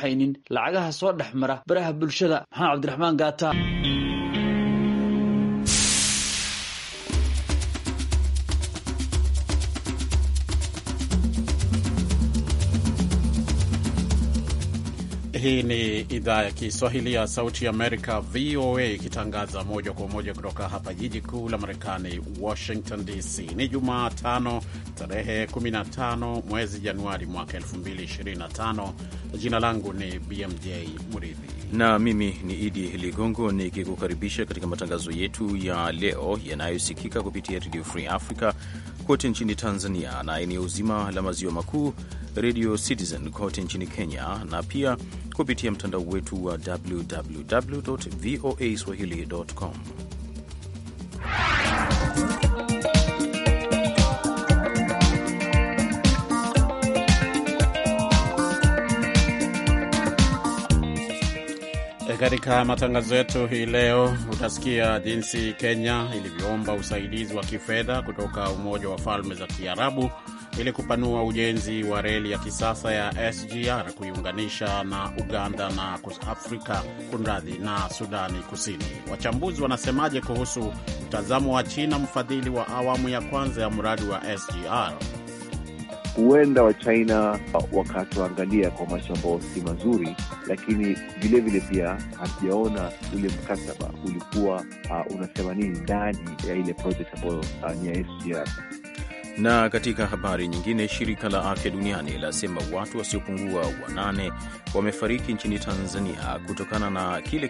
haynin lacagaha soo dhex mara baraha bulshada maxamed cabdiraxmaan gaata Hii ni idhaa ya Kiswahili ya Sauti Amerika, VOA, ikitangaza moja kwa moja kutoka hapa jiji kuu la Marekani, Washington DC. Ni Jumatano, tarehe 15 mwezi Januari mwaka 2025 Jina langu ni BMJ Muridhi na mimi ni Idi Ligongo nikikukaribisha katika matangazo yetu ya leo yanayosikika kupitia Redio Free Africa kote nchini Tanzania na eneo zima la maziwa makuu, Redio Citizen kote nchini Kenya na pia kupitia mtandao wetu wa www voa swahili.com. Katika matangazo yetu hii leo utasikia jinsi Kenya ilivyoomba usaidizi wa kifedha kutoka Umoja wa Falme za Kiarabu ili kupanua ujenzi wa reli ya kisasa ya SGR kuiunganisha na Uganda na Afrika kunradhi, na Sudani Kusini. Wachambuzi wanasemaje kuhusu mtazamo wa China, mfadhili wa awamu ya kwanza ya mradi wa SGR? huenda Wachina uh, wakatuangalia kwa macho ambao si mazuri, lakini vilevile pia hatujaona ule mkataba ulikuwa uh, unasema nini ndani ya ile project ambayo uh, ni ya SGR. Na katika habari nyingine, shirika la afya duniani lasema watu wasiopungua wanane wamefariki nchini Tanzania kutokana na kile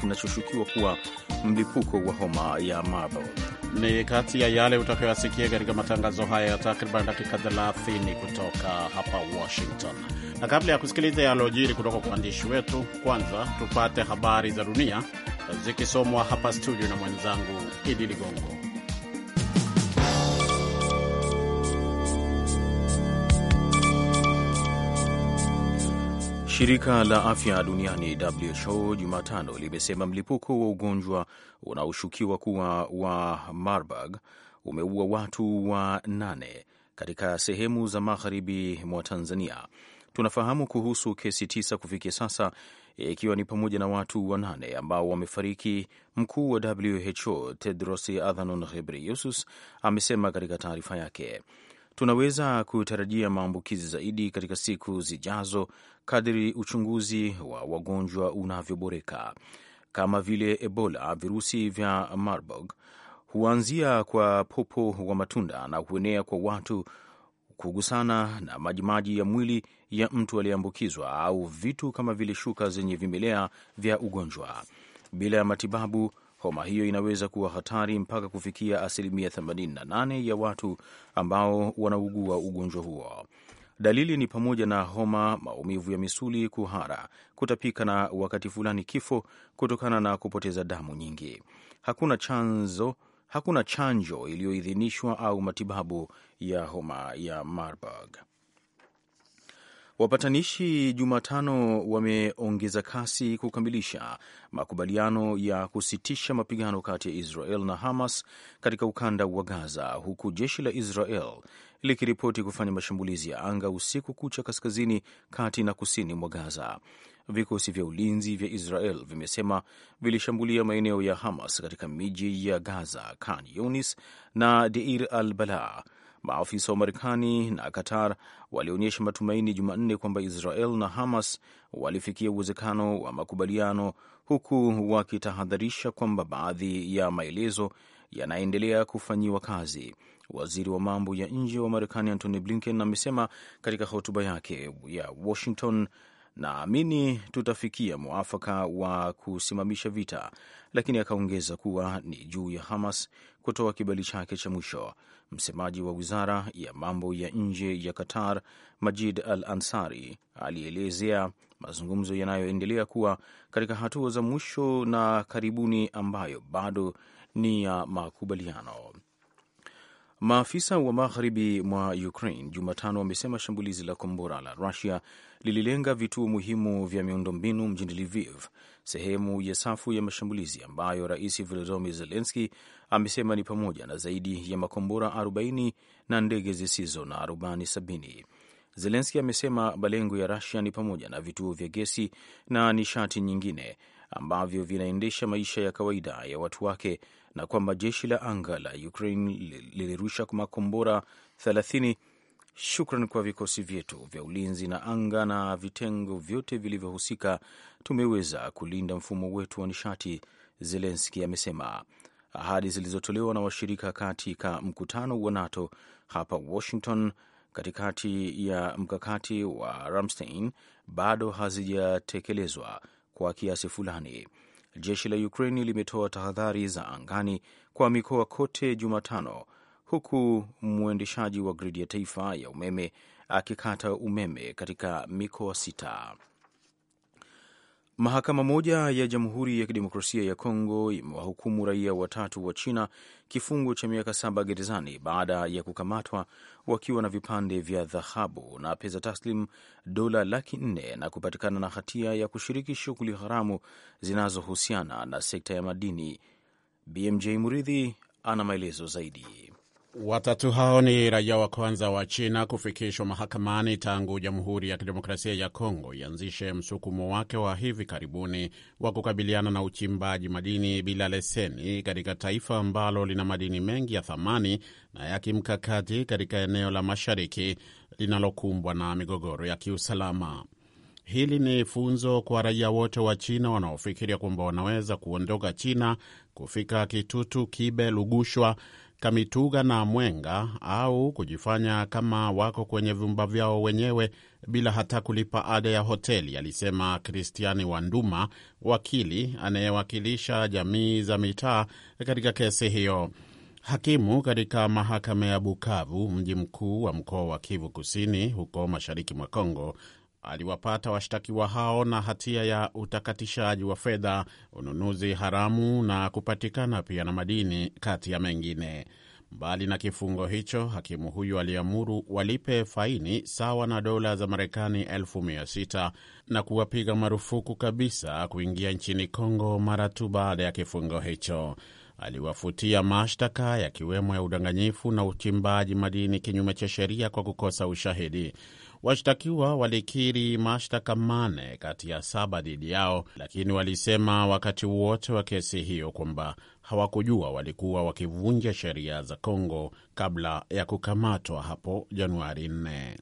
kinachoshukiwa kuwa mlipuko wa homa ya Marburg ni kati ya yale utakayoyasikia katika matangazo haya ya takriban dakika 30 kutoka hapa Washington. Na kabla ya kusikiliza yalojiri kutoka kwa waandishi wetu, kwanza tupate habari za dunia zikisomwa hapa studio na mwenzangu Idi Ligongo. Shirika la afya duniani WHO Jumatano limesema mlipuko wa ugonjwa unaoshukiwa kuwa wa Marburg umeua watu wa nane katika sehemu za magharibi mwa Tanzania. Tunafahamu kuhusu kesi tisa kufikia sasa, ikiwa ni pamoja na watu wanane ambao wamefariki, mkuu wa WHO Tedros Adhanom Ghebreyesus amesema katika taarifa yake. Tunaweza kutarajia maambukizi zaidi katika siku zijazo, kadri uchunguzi wa wagonjwa unavyoboreka. Kama vile Ebola, virusi vya Marburg huanzia kwa popo wa matunda na huenea kwa watu kugusana na majimaji ya mwili ya mtu aliyeambukizwa au vitu kama vile shuka zenye vimelea vya ugonjwa. Bila ya matibabu, homa hiyo inaweza kuwa hatari mpaka kufikia asilimia 88 ya watu ambao wanaugua ugonjwa huo. Dalili ni pamoja na homa, maumivu ya misuli, kuhara, kutapika na wakati fulani kifo kutokana na kupoteza damu nyingi. Hakuna chanzo hakuna chanjo iliyoidhinishwa au matibabu ya homa ya Marburg. Wapatanishi Jumatano wameongeza kasi kukamilisha makubaliano ya kusitisha mapigano kati ya Israel na Hamas katika ukanda wa Gaza, huku jeshi la Israel likiripoti kufanya mashambulizi ya anga usiku kucha kaskazini, kati na kusini mwa Gaza. Vikosi vya ulinzi vya Israel vimesema vilishambulia maeneo ya Hamas katika miji ya Gaza, Khan Yunis na Deir al Balah Maafisa wa Marekani na Qatar walionyesha matumaini Jumanne kwamba Israel na Hamas walifikia uwezekano wa makubaliano, huku wakitahadharisha kwamba baadhi ya maelezo yanaendelea kufanyiwa kazi. Waziri wa mambo ya nje wa Marekani Antony Blinken amesema katika hotuba yake ya Washington, naamini tutafikia mwafaka wa kusimamisha vita, lakini akaongeza kuwa ni juu ya Hamas kutoa kibali chake cha mwisho. Msemaji wa wizara ya mambo ya nje ya Qatar, Majid Al Ansari, alielezea mazungumzo yanayoendelea kuwa katika hatua za mwisho na karibuni, ambayo bado ni ya makubaliano. Maafisa wa magharibi mwa Ukraine Jumatano wamesema shambulizi la kombora la Rusia lililenga vituo muhimu vya miundombinu mjini Lviv, sehemu ya safu ya mashambulizi ambayo Rais Volodymyr Zelenski amesema ni pamoja na zaidi ya makombora 40 na ndege zisizo na rubani 70. Zelenski amesema malengo ya Rusia ni pamoja na vituo vya gesi na nishati nyingine ambavyo vinaendesha maisha ya kawaida ya watu wake na kwamba jeshi la anga la Ukraine lilirusha makombora 30 Shukran kwa vikosi vyetu vya ulinzi na anga na vitengo vyote vilivyohusika, tumeweza kulinda mfumo wetu wa nishati, Zelenski amesema. Ahadi zilizotolewa na washirika katika mkutano wa NATO hapa Washington katikati ya mkakati wa Ramstein bado hazijatekelezwa kwa kiasi fulani. Jeshi la Ukraini limetoa tahadhari za angani kwa mikoa kote Jumatano, huku mwendeshaji wa gridi ya taifa ya umeme akikata umeme katika mikoa sita. Mahakama moja ya Jamhuri ya Kidemokrasia ya Kongo imewahukumu raia watatu wa China kifungo cha miaka saba gerezani baada ya kukamatwa wakiwa na vipande vya dhahabu na pesa taslim dola laki nne na kupatikana na hatia ya kushiriki shughuli haramu zinazohusiana na sekta ya madini. BMJ Muridhi ana maelezo zaidi. Watatu hao ni raia wa kwanza wa China kufikishwa mahakamani tangu Jamhuri ya Kidemokrasia ya Kongo ianzishe msukumo wake wa hivi karibuni wa kukabiliana na uchimbaji madini bila leseni katika taifa ambalo lina madini mengi ya thamani na ya kimkakati katika eneo la Mashariki linalokumbwa na migogoro ya kiusalama. Hili ni funzo kwa raia wote wa China wanaofikiria kwamba wanaweza kuondoka China kufika Kitutu, Kibe, Lugushwa kamituga na mwenga au kujifanya kama wako kwenye vyumba vyao wenyewe bila hata kulipa ada ya hoteli, alisema Kristiani Wanduma, wakili anayewakilisha jamii za mitaa katika kesi hiyo. Hakimu katika mahakama ya Bukavu, mji mkuu wa mkoa wa Kivu Kusini, huko mashariki mwa Kongo, aliwapata washtakiwa hao na hatia ya utakatishaji wa fedha, ununuzi haramu na kupatikana pia na madini kati ya mengine. Mbali na kifungo hicho, hakimu huyu aliamuru walipe faini sawa na dola za Marekani elfu mia sita na kuwapiga marufuku kabisa kuingia nchini Kongo mara tu baada ya kifungo hicho. Aliwafutia mashtaka yakiwemo ya udanganyifu na uchimbaji madini kinyume cha sheria kwa kukosa ushahidi. Washtakiwa walikiri mashtaka mane kati ya saba dhidi yao, lakini walisema wakati wote wa kesi hiyo kwamba hawakujua walikuwa wakivunja sheria za Kongo kabla ya kukamatwa hapo Januari 4.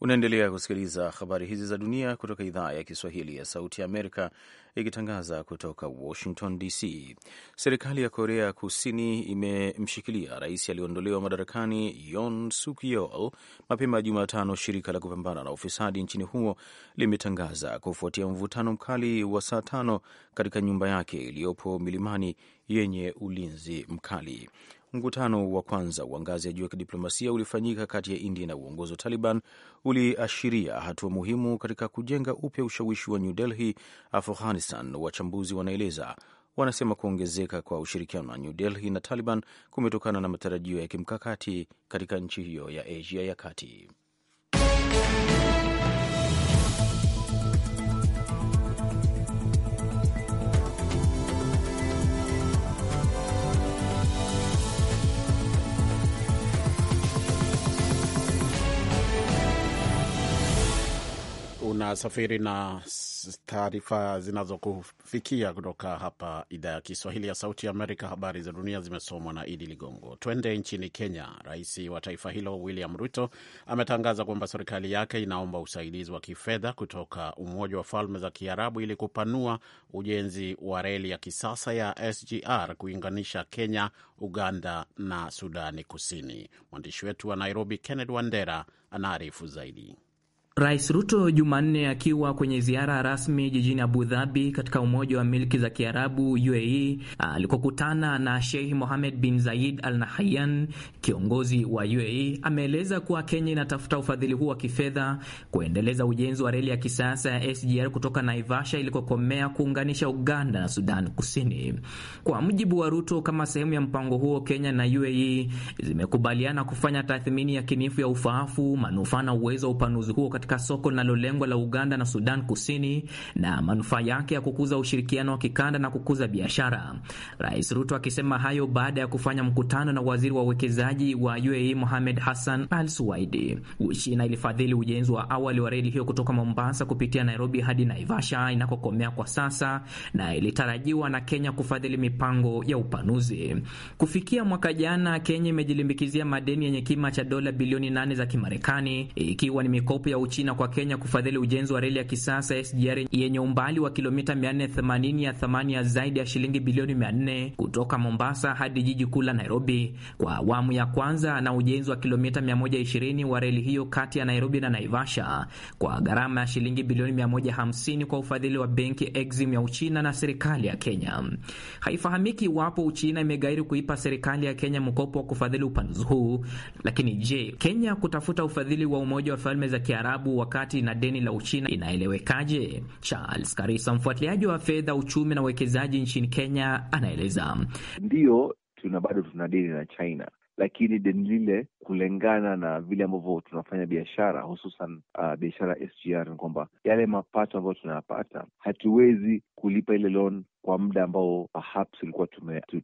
Unaendelea kusikiliza habari hizi za dunia kutoka idhaa ya Kiswahili ya Sauti ya Amerika, ikitangaza kutoka Washington DC. Serikali ya Korea Kusini imemshikilia rais aliyeondolewa madarakani Yoon Suk Yeol mapema Jumatano, shirika la kupambana na ufisadi nchini humo limetangaza kufuatia mvutano mkali wa saa tano katika nyumba yake iliyopo milimani yenye ulinzi mkali. Mkutano wa kwanza wa ngazi ya juu ya kidiplomasia ulifanyika kati ya India na uongozi wa Taliban uliashiria hatua muhimu katika kujenga upya ushawishi wa New Delhi, Afghanistan. Wachambuzi wanaeleza wanasema kuongezeka kwa ushirikiano wa New Delhi na Taliban kumetokana na matarajio ya kimkakati katika nchi hiyo ya Asia ya kati. unasafiri na taarifa zinazokufikia kutoka hapa idhaa ya Kiswahili ya Sauti ya Amerika. Habari za dunia zimesomwa na Idi Ligongo. Twende nchini Kenya. Rais wa taifa hilo William Ruto ametangaza kwamba serikali yake inaomba usaidizi wa kifedha kutoka Umoja wa Falme za Kiarabu ili kupanua ujenzi wa reli ya kisasa ya SGR kuinganisha Kenya, Uganda na Sudani Kusini. Mwandishi wetu wa Nairobi Kenneth Wandera anaarifu zaidi. Rais Ruto Jumanne akiwa kwenye ziara rasmi jijini Abu Dhabi katika Umoja wa Milki za Kiarabu UAE alikokutana na Sheikh Mohamed bin Zayed Al Nahyan, kiongozi wa UAE, ameeleza kuwa Kenya inatafuta ufadhili huu wa kifedha kuendeleza ujenzi wa reli ya kisasa ya SGR kutoka Naivasha ilikokomea kuunganisha Uganda na Sudan Kusini. Kwa mujibu wa Ruto, kama sehemu ya mpango huo, Kenya na UAE zimekubaliana kufanya tathmini ya kinifu ya ufaafu, manufaa na uwezo wa upanuzi huo katika katika soko linalolengwa la Uganda na Sudan Kusini na manufaa yake ya kukuza ushirikiano wa kikanda na kukuza biashara. Rais Ruto akisema hayo baada ya kufanya mkutano na waziri wa uwekezaji wa UAE Mohamed Hassan Al Suwaidi. Uchina ilifadhili ujenzi wa awali wa reli hiyo kutoka Mombasa kupitia Nairobi hadi Naivasha inakokomea kwa sasa, na ilitarajiwa na Kenya kufadhili mipango ya upanuzi. Kufikia mwaka jana, Kenya imejilimbikizia madeni yenye kima cha dola bilioni nane za Kimarekani, ikiwa ni mikopo ya Uchina China kwa Kenya kufadhili ujenzi wa reli ya kisasa SGR yenye umbali wa kilomita 480 ya thamani ya zaidi ya shilingi bilioni 400 kutoka Mombasa hadi jiji kuu la Nairobi kwa awamu ya kwanza na ujenzi wa kilomita 120 wa reli hiyo kati ya Nairobi na Naivasha kwa gharama ya shilingi bilioni 150 kwa ufadhili wa benki Exim ya Uchina na serikali ya Kenya. Haifahamiki iwapo Uchina imegairi kuipa serikali ya Kenya mkopo wa kufadhili upanuzi huu, lakini je, Kenya kutafuta ufadhili wa Umoja wa Falme za Kiarabu dhahabu wakati na deni la Uchina inaelewekaje? Charles Karisa, mfuatiliaji wa fedha, uchumi na uwekezaji nchini Kenya, anaeleza. Ndiyo, tuna bado tuna deni na China lakini deni lile kulingana na vile ambavyo tunafanya biashara hususan uh, biashara SGR ni kwamba yale mapato ambayo tunayapata hatuwezi kulipa ile loan kwa muda ambao perhaps ilikuwa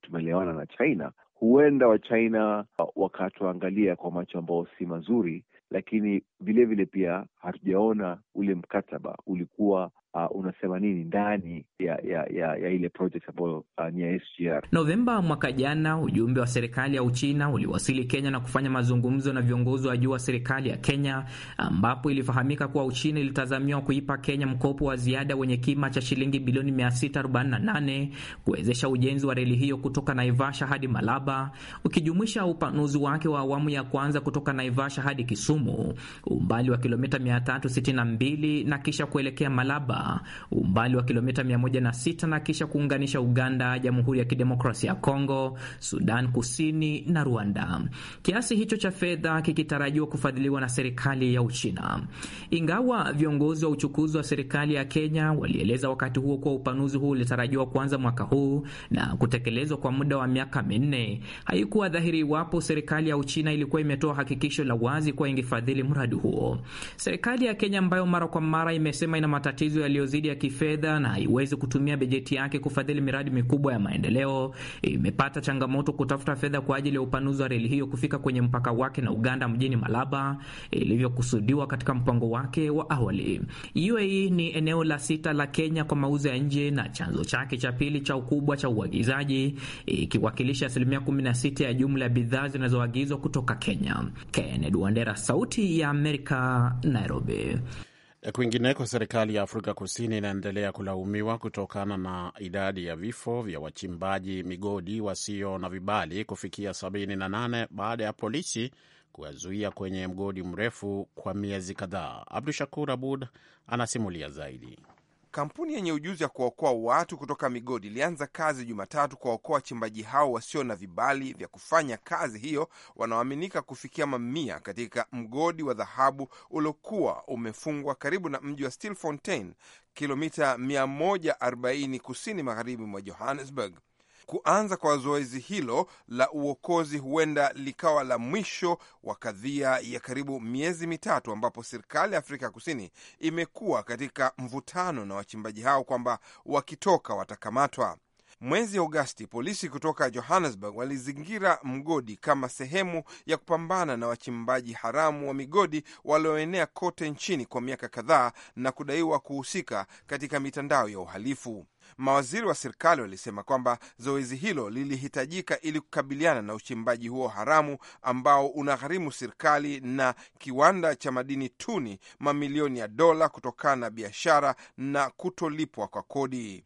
tumeelewana na China. Huenda wa China uh, wakatuangalia kwa macho ambao si mazuri, lakini vilevile pia hatujaona ule mkataba ulikuwa uh, unasema nini ndani ya ya ya, ya ile project ambayo uh, ni ya SGR. Novemba mwaka jana, ujumbe wa serikali ya Uchina uliwasili Kenya na kufanya mazungumzo na viongozi wa juu wa serikali ya Kenya, ambapo ilifahamika kuwa Uchina ilitazamiwa kuipa Kenya mkopo wa ziada wenye kima cha shilingi bilioni 648 kuwezesha ujenzi wa reli hiyo kutoka Naivasha hadi Malaba, ukijumuisha upanuzi wake wa awamu ya kwanza kutoka Naivasha hadi Kisumu, umbali wa kilomita 362 na kisha kuelekea Malaba umbali wa kilomita 106 na kisha kuunganisha Uganda, Jamhuri ya Kidemokrasia ya Kongo, Sudan Kusini na Rwanda. Kiasi hicho cha fedha kikitarajiwa kufadhiliwa na serikali ya Uchina. Ingawa viongozi wa uchukuzi wa serikali ya Kenya walieleza wakati huo kuwa upanuzi huu ulitarajiwa kuanza mwaka huu na kutekelezwa kwa muda wa miaka minne, haikuwa dhahiri iwapo serikali ya Uchina ilikuwa imetoa hakikisho la wazi kuwa ingefadhili mradi huo. Serikali ya Kenya ambayo mara kwa mara imesema ina matatizo ya yaliyozidi ya kifedha na haiwezi kutumia bajeti yake kufadhili miradi mikubwa ya maendeleo, imepata changamoto kutafuta fedha kwa ajili ya upanuzi wa reli hiyo kufika kwenye mpaka wake na Uganda mjini Malaba ilivyokusudiwa katika mpango wake wa awali. UAE ni eneo la sita la Kenya kwa mauzo ya nje na chanzo chake cha pili cha ukubwa cha uagizaji, ikiwakilisha asilimia 16 ya jumla ya bidhaa zinazoagizwa kutoka Kenya. Kennedy Wandera, Sauti ya Amerika, Nairobi. Kwingineko, serikali ya Afrika Kusini inaendelea kulaumiwa kutokana na idadi ya vifo vya wachimbaji migodi wasio na vibali kufikia 78 baada ya polisi kuwazuia kwenye mgodi mrefu kwa miezi kadhaa. Abdu Shakur Abud anasimulia zaidi. Kampuni yenye ujuzi ya kuwaokoa watu kutoka migodi ilianza kazi Jumatatu kuwaokoa wachimbaji hao wasio na vibali vya kufanya kazi hiyo wanaoaminika kufikia mamia katika mgodi wa dhahabu uliokuwa umefungwa karibu na mji wa Stilfontein, kilomita 140 kusini magharibi mwa Johannesburg. Kuanza kwa zoezi hilo la uokozi huenda likawa la mwisho wa kadhia ya karibu miezi mitatu, ambapo serikali ya Afrika Kusini imekuwa katika mvutano na wachimbaji hao kwamba wakitoka watakamatwa. Mwezi Agosti, polisi kutoka Johannesburg walizingira mgodi kama sehemu ya kupambana na wachimbaji haramu wa migodi walioenea kote nchini kwa miaka kadhaa na kudaiwa kuhusika katika mitandao ya uhalifu. Mawaziri wa serikali walisema kwamba zoezi hilo lilihitajika ili kukabiliana na uchimbaji huo haramu ambao unagharimu serikali na kiwanda cha madini tuni mamilioni ya dola kutokana na biashara na kutolipwa kwa kodi.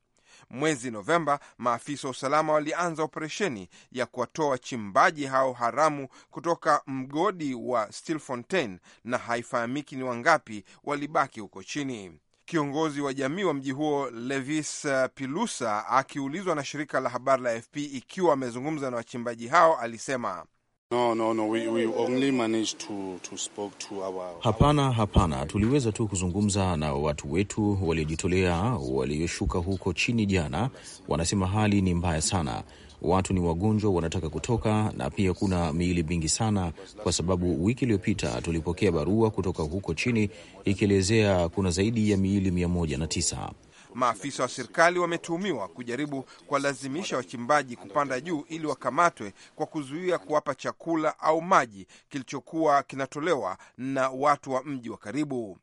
Mwezi Novemba, maafisa wa usalama walianza operesheni ya kuwatoa wachimbaji hao haramu kutoka mgodi wa Stilfontein na haifahamiki ni wangapi walibaki huko chini. Kiongozi wa jamii wa mji huo Levis uh, Pilusa, akiulizwa na shirika la habari la fp ikiwa amezungumza na wachimbaji hao, alisema No, no, no. We, we only managed to, to spoke to our... Hapana, hapana, tuliweza tu kuzungumza na watu wetu waliojitolea walioshuka huko chini jana. Wanasema hali ni mbaya sana, watu ni wagonjwa, wanataka kutoka, na pia kuna miili mingi sana, kwa sababu wiki iliyopita tulipokea barua kutoka huko chini ikielezea kuna zaidi ya miili mia moja na tisa. Maafisa wa serikali wametuhumiwa kujaribu kuwalazimisha wachimbaji kupanda juu ili wakamatwe kwa kuzuia kuwapa chakula au maji kilichokuwa kinatolewa na watu wa mji wa karibu.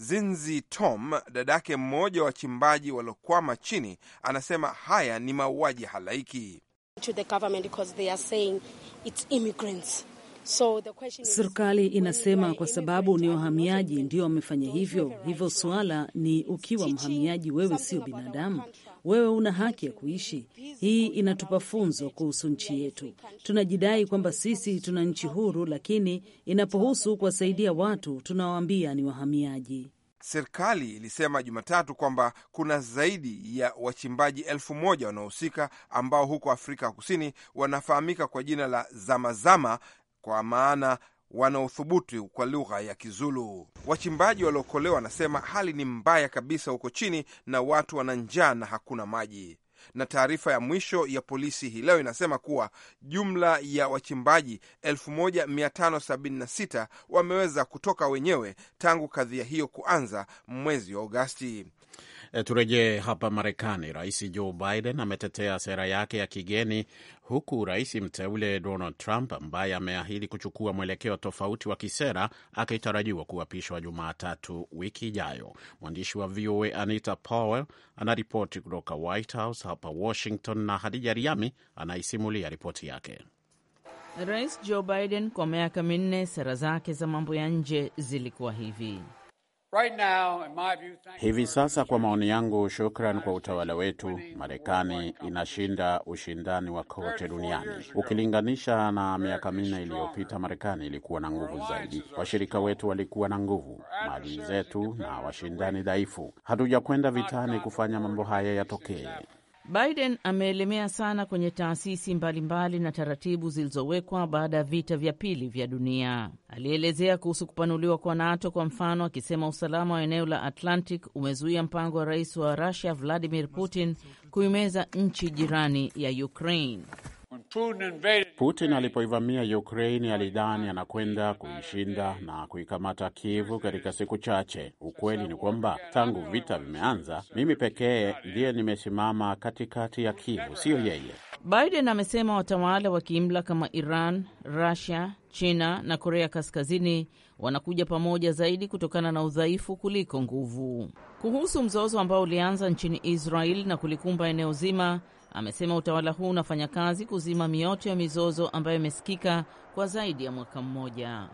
Zinzi Tom, dadake mmoja wa wachimbaji waliokwama chini, anasema haya ni mauaji halaiki. serikali inasema kwa sababu ni wahamiaji ndio wamefanya hivyo. Hivyo suala ni ukiwa mhamiaji, wewe sio binadamu, wewe una haki ya kuishi. Hii inatupa funzo kuhusu nchi yetu. Tunajidai kwamba sisi tuna nchi huru, lakini inapohusu kuwasaidia watu tunawaambia ni wahamiaji. Serikali ilisema Jumatatu kwamba kuna zaidi ya wachimbaji elfu moja wanaohusika ambao huko Afrika Kusini wanafahamika kwa jina la zamazama, kwa maana wanaothubutu kwa lugha ya Kizulu. Wachimbaji waliokolewa wanasema hali ni mbaya kabisa huko chini, na watu wana njaa na hakuna maji. Na taarifa ya mwisho ya polisi hii leo inasema kuwa jumla ya wachimbaji 1576 wameweza kutoka wenyewe tangu kadhia hiyo kuanza mwezi wa Agosti. E, turejee hapa Marekani. Rais Joe Biden ametetea sera yake ya kigeni huku rais mteule Donald Trump ambaye ameahidi kuchukua mwelekeo tofauti wa kisera akitarajiwa kuapishwa Jumatatu wiki ijayo. Mwandishi wa VOA Anita Powell anaripoti kutoka White House hapa Washington, na Hadija Riami anaisimulia ripoti yake. Rais Joe Biden kwa miaka minne, sera zake za mambo ya nje zilikuwa hivi Right now, in my view, hivi sasa kwa maoni yangu, shukran kwa utawala wetu, Marekani inashinda ushindani wa kote duniani. Ukilinganisha na miaka minne iliyopita, Marekani ilikuwa na nguvu zaidi, washirika wetu walikuwa na nguvu, maadui zetu na washindani dhaifu. Hatujakwenda vitani kufanya mambo haya yatokee. Biden ameelemea sana kwenye taasisi mbalimbali na taratibu zilizowekwa baada ya vita vya pili vya dunia. Alielezea kuhusu kupanuliwa kwa NATO kwa mfano, akisema usalama wa eneo la Atlantic umezuia mpango wa rais wa rusia Vladimir Putin kuimeza nchi jirani ya Ukraine. Putin alipoivamia Ukraini alidhani anakwenda kuishinda na kuikamata kivu katika siku chache. Ukweli ni kwamba tangu vita vimeanza, mimi pekee ndiye nimesimama katikati ya kivu siyo yeye. Biden amesema watawala wa kiimla kama Iran, Rusia, China na Korea Kaskazini wanakuja pamoja zaidi kutokana na udhaifu kuliko nguvu. Kuhusu mzozo ambao ulianza nchini Israel na kulikumba eneo zima Amesema utawala huu unafanya kazi kuzima mioto ya mizozo ambayo imesikika kwa zaidi ya mwaka mmoja.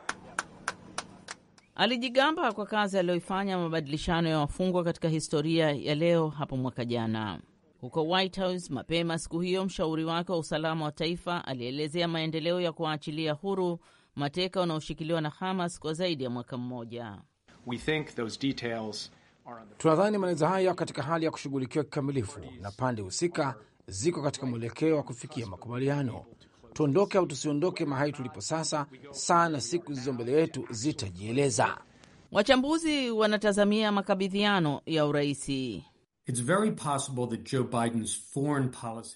Alijigamba kwa kazi aliyoifanya mabadilishano ya wafungwa katika historia ya leo hapo mwaka jana huko White House. Mapema siku hiyo, mshauri wake wa usalama wa taifa alielezea maendeleo ya kuwaachilia huru mateka wanaoshikiliwa na Hamas kwa zaidi ya mwaka mmoja. Tunadhani maelezo hayo katika hali ya kushughulikiwa kikamilifu na pande husika ziko katika mwelekeo wa kufikia makubaliano. Tuondoke au tusiondoke mahali tulipo sasa, sana siku zilizo mbele yetu zitajieleza. Wachambuzi wanatazamia makabidhiano ya uraisi.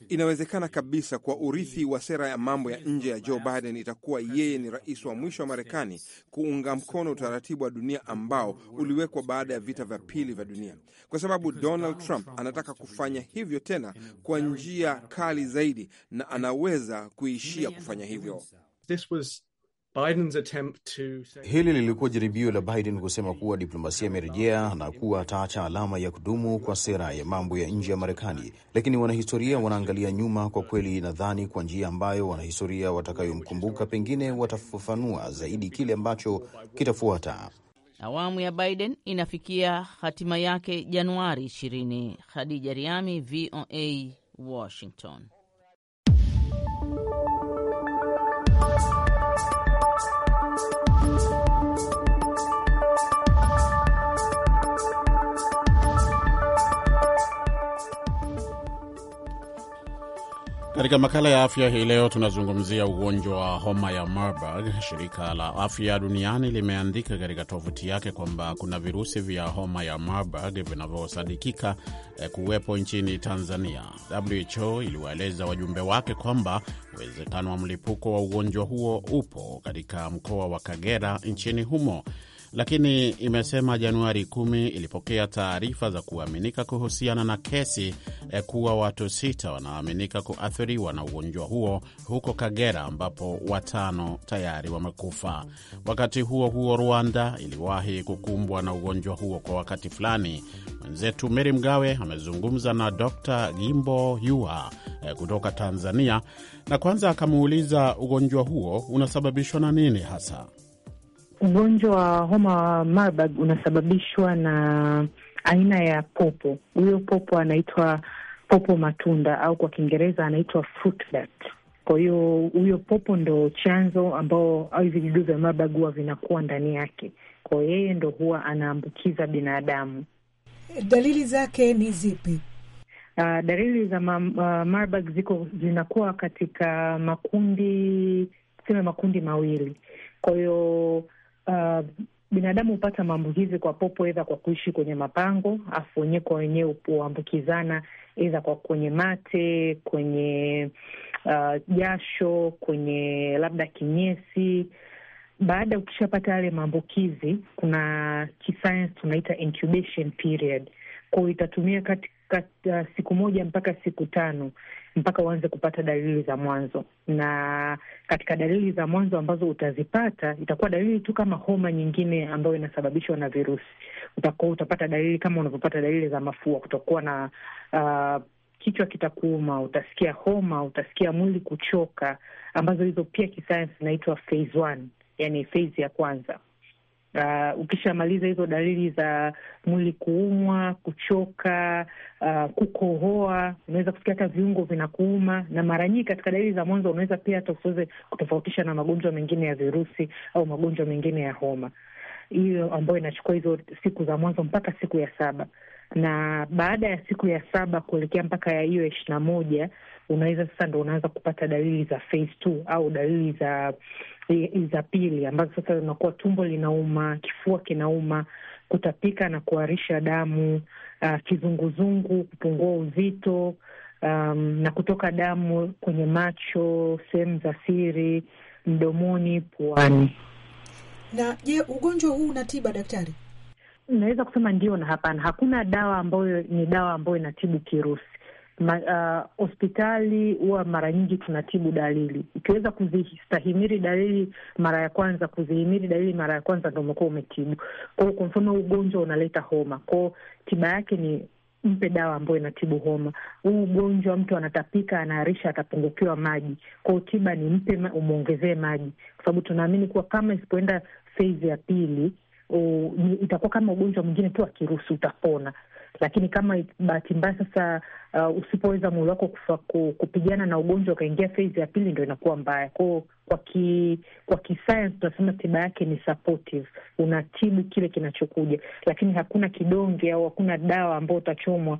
Inawezekana kabisa kwa urithi wa sera ya mambo ya nje ya Joe Biden itakuwa yeye ni rais wa mwisho wa Marekani kuunga mkono utaratibu wa dunia ambao uliwekwa baada ya vita vya pili vya dunia, kwa sababu Donald Trump anataka kufanya hivyo tena kwa njia kali zaidi, na anaweza kuishia kufanya hivyo. This was To... Hili lilikuwa jaribio la Biden kusema kuwa diplomasia imerejea na kuwa ataacha alama ya kudumu kwa sera ya mambo ya nje ya Marekani, lakini wanahistoria wanaangalia nyuma. Kwa kweli, nadhani kwa njia ambayo wanahistoria watakayomkumbuka, pengine watafafanua zaidi kile ambacho kitafuata. Awamu ya Biden inafikia hatima yake Januari 20. Khadija Riami, VOA, Washington. Katika makala ya afya hii leo tunazungumzia ugonjwa wa homa ya Marburg. Shirika la Afya Duniani limeandika katika tovuti yake kwamba kuna virusi vya homa ya Marburg vinavyosadikika eh, kuwepo nchini Tanzania. WHO iliwaeleza wajumbe wake kwamba uwezekano wa mlipuko wa ugonjwa huo upo katika mkoa wa Kagera nchini humo lakini imesema Januari 10 ilipokea taarifa za kuaminika kuhusiana na kesi eh, kuwa watu sita wanaaminika kuathiriwa na ugonjwa huo huko Kagera, ambapo watano tayari wamekufa. Wakati huo huo, Rwanda iliwahi kukumbwa na ugonjwa huo kwa wakati fulani. Mwenzetu Meri Mgawe amezungumza na Dr. Gimbo Yua eh, kutoka Tanzania, na kwanza akamuuliza ugonjwa huo unasababishwa na nini hasa? ugonjwa wa homa wa Marburg unasababishwa na aina ya popo. Huyo popo anaitwa popo matunda au kwa Kiingereza anaitwa fruit bat. Kwa hiyo huyo popo ndo chanzo ambao au vijidudu vya Marburg huwa vinakuwa ndani yake, kwa yeye ndo huwa anaambukiza binadamu. Dalili zake ni zipi? Uh, dalili za ma, uh, Marburg ziko zinakuwa katika makundi, tuseme makundi mawili. Kwa hiyo uh, binadamu hupata maambukizi kwa popo, edha kwa kuishi kwenye mapango, afu wenyewe kwa wenyewe huambukizana edha kwa kwenye mate, kwenye uh, jasho, uh, kwenye labda kinyesi. Baada ya ukishapata yale maambukizi, kuna kisayansi tunaita incubation period, kwao itatumia kati, kati, uh, siku moja mpaka siku tano mpaka uanze kupata dalili za mwanzo, na katika dalili za mwanzo ambazo utazipata itakuwa dalili tu kama homa nyingine ambayo inasababishwa na virusi. Utakuwa utapata dalili kama unavyopata dalili za mafua, kutakuwa na uh, kichwa kitakuuma, utasikia homa, utasikia mwili kuchoka, ambazo hizo pia kisayansi inaitwa phase one, yani phase ya kwanza. Uh, ukishamaliza hizo dalili za mwili kuumwa, kuchoka, uh, kukohoa, unaweza kusikia hata viungo vinakuuma, na mara nyingi katika dalili za mwanzo unaweza pia hata usiweze kutofautisha na magonjwa mengine ya virusi au magonjwa mengine ya homa, hiyo ambayo inachukua hizo siku za mwanzo mpaka siku ya saba na baada ya siku ya saba kuelekea mpaka ya hiyo ishirini na moja unaweza sasa ndo unaanza kupata dalili za phase two au dalili za za pili ambazo sasa unakuwa tumbo linauma, kifua kinauma, kutapika na kuharisha damu, uh, kizunguzungu, kupungua uzito, um, na kutoka damu kwenye macho, sehemu za siri, mdomoni, puani. Na je, ugonjwa huu una tiba daktari? naweza kusema ndio na hapana. Hakuna dawa ambayo ni dawa ambayo inatibu kirusi. Uh, hospitali uh, huwa mara nyingi tunatibu dalili. Ukiweza kuzistahimiri dalili mara ya kwanza, kuzihimiri dalili mara ya kwanza, ndo umekuwa umetibu. Kwao kwa mfano, ugonjwa unaleta homa, kwao tiba yake ni mpe dawa ambayo inatibu homa. Huu ugonjwa mtu anatapika, anaharisha, atapungukiwa maji, kwao tiba ni mpe, umwongezee maji, kwa sababu tunaamini kuwa kama isipoenda fezi ya pili uh, itakuwa kama ugonjwa mwingine tu, akiruhusu utapona. Lakini kama bahati mbaya sasa, uh, usipoweza mwili wako kupigana na ugonjwa ukaingia fezi ya pili, ndo inakuwa mbaya kwao. Kwa ki, kwa tunasema tiba yake ni supportive, unatibu kile kinachokuja, lakini hakuna kidonge au hakuna dawa ambayo utachomwa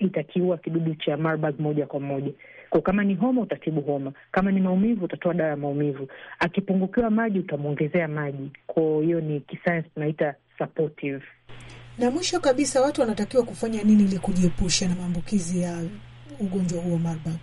itakiua kidudu cha Marburg moja kwa moja. Kwa kama ni homa utatibu homa, kama ni maumivu utatoa dawa ya maumivu, akipungukiwa maji utamwongezea maji. Kwa hiyo ni kisayansi tunaita supportive. Na mwisho kabisa, watu wanatakiwa kufanya nini ili kujiepusha na maambukizi ya ugonjwa huo Marburg?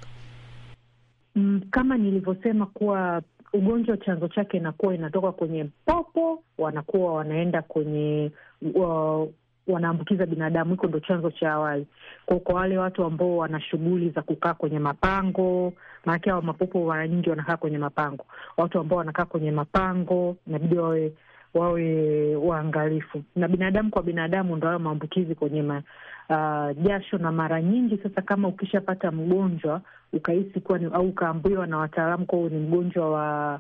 Mm, kama nilivyosema kuwa ugonjwa chanzo chake inakuwa inatoka kwenye popo, wanakuwa wanaenda kwenye uh, wanaambukiza binadamu. Hiko ndo chanzo cha awali kwa kwa wale watu ambao wana shughuli za kukaa kwenye mapango, maanake hawa mapopo mara nyingi wanakaa kwenye mapango. Watu ambao wanakaa kwenye mapango inabidi wawe wawe waangalifu na binadamu kwa binadamu, ndo hayo maambukizi kwenye ma, uh, jasho. Na mara nyingi sasa, kama ukishapata mgonjwa ukahisi kuwa au ukaambiwa na wataalamu kuwa ni mgonjwa wa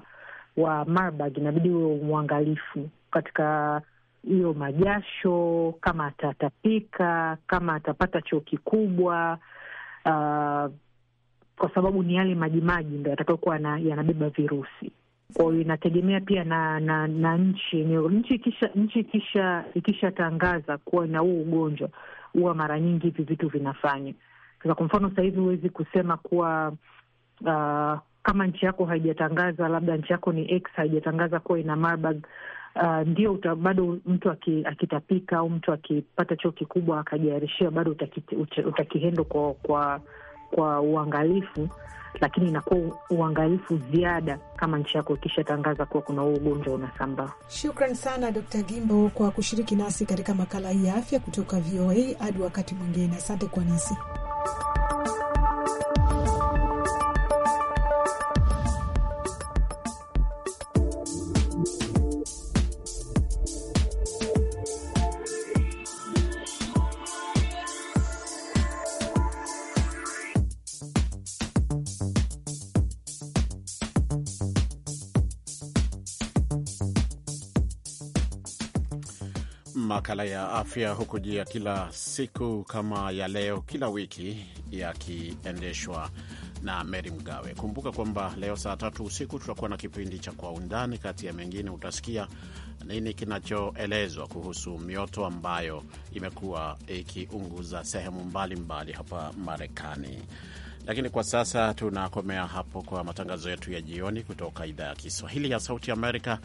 wa Marburg, inabidi uwe mwangalifu katika hiyo majasho, kama atatapika, kama atapata choo kikubwa uh, kwa sababu ni yale majimaji ndo yatakayokuwa yanabeba virusi. Kwa hiyo inategemea pia na na, na nchi yenyewe. Nchi ikisha nchi ikisha ikishatangaza kuwa na huu ugonjwa, huwa mara nyingi hivi vitu vinafanya sasa. Kwa mfano sasa hivi huwezi kusema kuwa uh, kama nchi yako haijatangaza, labda nchi yako ni X haijatangaza kuwa ina Marburg, uh, ndio bado mtu akitapika au mtu akipata choo kikubwa akajiarishia bado utakihendo kwa, kwa kwa uangalifu, lakini inakuwa uangalifu ziada kama nchi yako ikishatangaza kuwa kuna huu ugonjwa unasambaa. Shukran sana Dkt. Gimbo kwa kushiriki nasi katika makala hii ya afya kutoka VOA. Hadi wakati mwingine, asante kwa nasi. makala ya afya hukujia kila siku kama ya leo, kila wiki yakiendeshwa na Meri Mgawe. Kumbuka kwamba leo saa tatu usiku tutakuwa na kipindi cha Kwa Undani. Kati ya mengine, utasikia nini kinachoelezwa kuhusu mioto ambayo imekuwa ikiunguza sehemu mbalimbali mbali hapa Marekani. Lakini kwa sasa tunakomea hapo kwa matangazo yetu ya jioni kutoka idhaa ya Kiswahili ya Sauti Amerika.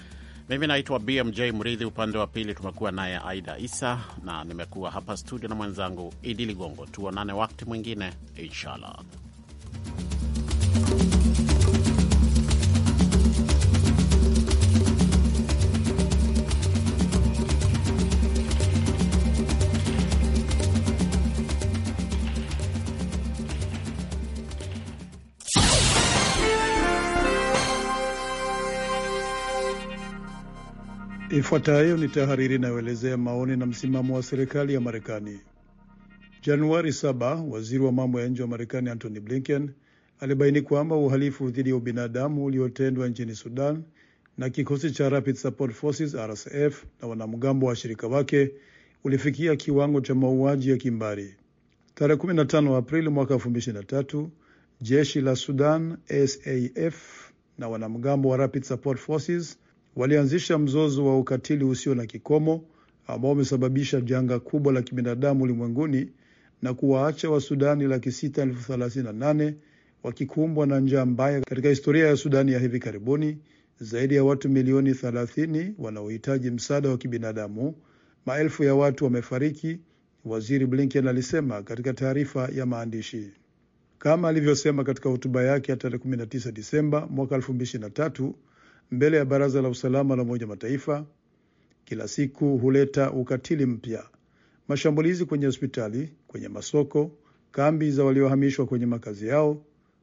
Mimi naitwa BMJ Mridhi, upande wa pili tumekuwa naye Aida Isa na nimekuwa hapa studio na mwenzangu Idi Ligongo. Tuonane wakati mwingine inshallah. Ifuatayo ni tahariri inayoelezea maoni na msimamo wa serikali ya Marekani. Januari 7 waziri wa mambo ya nje wa Marekani Antony Blinken alibaini kwamba uhalifu dhidi ya ubinadamu uliotendwa nchini Sudan na kikosi cha Rapid Support Forces RSF na wanamgambo wa washirika wake ulifikia kiwango cha mauaji ya kimbari. Tarehe 15 Aprili mwaka 2023 jeshi la Sudan SAF na wanamgambo wa Rapid Support Forces walianzisha mzozo wa ukatili usio na kikomo ambao umesababisha janga kubwa la kibinadamu ulimwenguni na kuwaacha Wasudani laki sita elfu thelathini na nane wakikumbwa na njaa mbaya katika historia ya Sudani ya hivi karibuni. Zaidi ya watu milioni 30 wanaohitaji msaada wa kibinadamu, maelfu ya watu wamefariki, Waziri Blinken alisema katika taarifa ya maandishi, kama alivyosema katika hotuba yake ya tarehe 19 Disemba mwaka 2023 mbele ya Baraza la Usalama la Umoja Mataifa. Kila siku huleta ukatili mpya: mashambulizi kwenye hospitali, kwenye masoko, kambi za waliohamishwa kwenye makazi yao,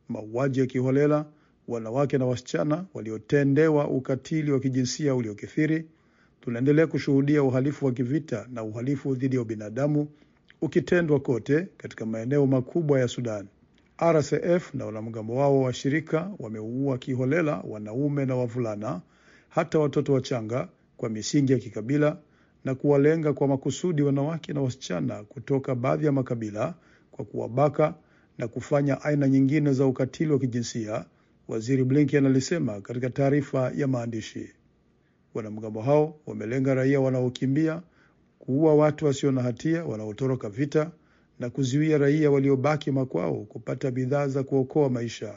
mauaji ya kiholela, wanawake na wasichana waliotendewa ukatili wa kijinsia uliokithiri. Tunaendelea kushuhudia uhalifu wa kivita na uhalifu dhidi ya ubinadamu ukitendwa kote katika maeneo makubwa ya Sudan. RSF na wanamgambo wao wa washirika wameua kiholela wanaume na wavulana, hata watoto wachanga, kwa misingi ya kikabila na kuwalenga kwa makusudi wanawake na wasichana kutoka baadhi ya makabila kwa kuwabaka na kufanya aina nyingine za ukatili wa kijinsia, Waziri Blinken alisema katika taarifa ya maandishi. Wanamgambo hao wamelenga raia wanaokimbia, kuua watu wasio na hatia wanaotoroka vita na kuzuia raia waliobaki makwao kupata bidhaa za kuokoa maisha.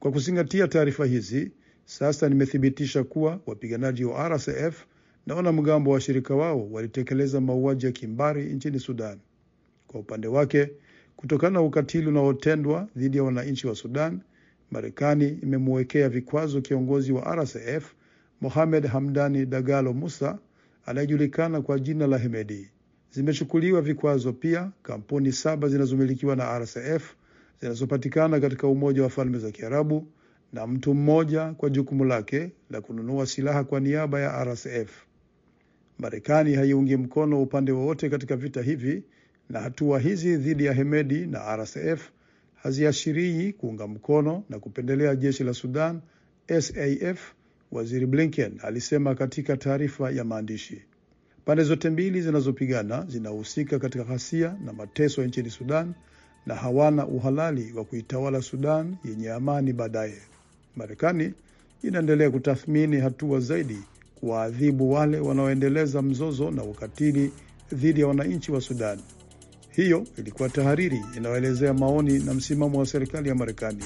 Kwa kuzingatia taarifa hizi, sasa nimethibitisha kuwa wapiganaji wa RSF na wanamgambo wa washirika wao walitekeleza mauaji ya kimbari nchini Sudan. Kwa upande wake, kutokana na ukatili unaotendwa dhidi ya wananchi wa Sudan, Marekani imemwekea vikwazo kiongozi wa RSF Mohamed Hamdani Dagalo Musa anayejulikana kwa jina la Hemedi zimechukuliwa vikwazo pia kampuni saba zinazomilikiwa na RSF zinazopatikana katika Umoja wa Falme za Kiarabu na mtu mmoja kwa jukumu lake la kununua silaha kwa niaba ya RSF. Marekani haiungi mkono upande wowote katika vita hivi na hatua hizi dhidi ya Hemedi na RSF haziashirii kuunga mkono na kupendelea jeshi la Sudan SAF, Waziri Blinken alisema katika taarifa ya maandishi. Pande zote mbili zinazopigana zinahusika katika ghasia na mateso nchini Sudan na hawana uhalali wa kuitawala Sudan yenye amani baadaye. Marekani inaendelea kutathmini hatua zaidi kuwaadhibu wale wanaoendeleza mzozo na ukatili dhidi ya wananchi wa Sudan. Hiyo ilikuwa tahariri inayoelezea maoni na msimamo wa serikali ya Marekani.